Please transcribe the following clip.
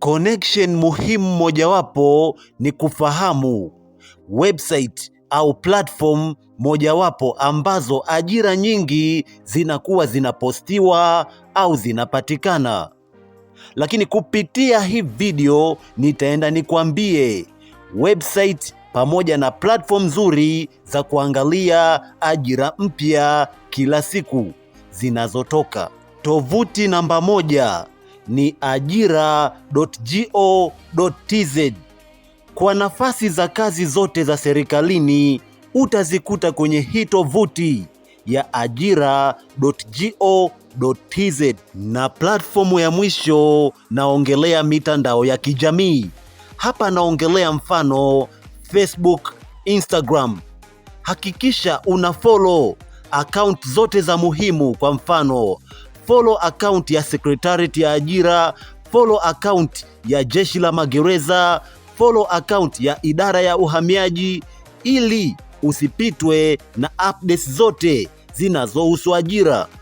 Connection muhimu mojawapo ni kufahamu website au platform mojawapo ambazo ajira nyingi zinakuwa zinapostiwa au zinapatikana. Lakini kupitia hii video nitaenda nikwambie website pamoja na platform nzuri za kuangalia ajira mpya kila siku zinazotoka. Tovuti namba moja ni ajira.go.tz. Kwa nafasi za kazi zote za serikalini utazikuta kwenye hii tovuti ya ajira.go.tz. Na platfomu ya mwisho naongelea mitandao ya kijamii. Hapa naongelea mfano Facebook, Instagram. Hakikisha una follow akaunti zote za muhimu, kwa mfano follow account ya Secretariat ya ajira, follow account ya jeshi la magereza, follow account ya idara ya uhamiaji, ili usipitwe na updates zote zinazohusu ajira.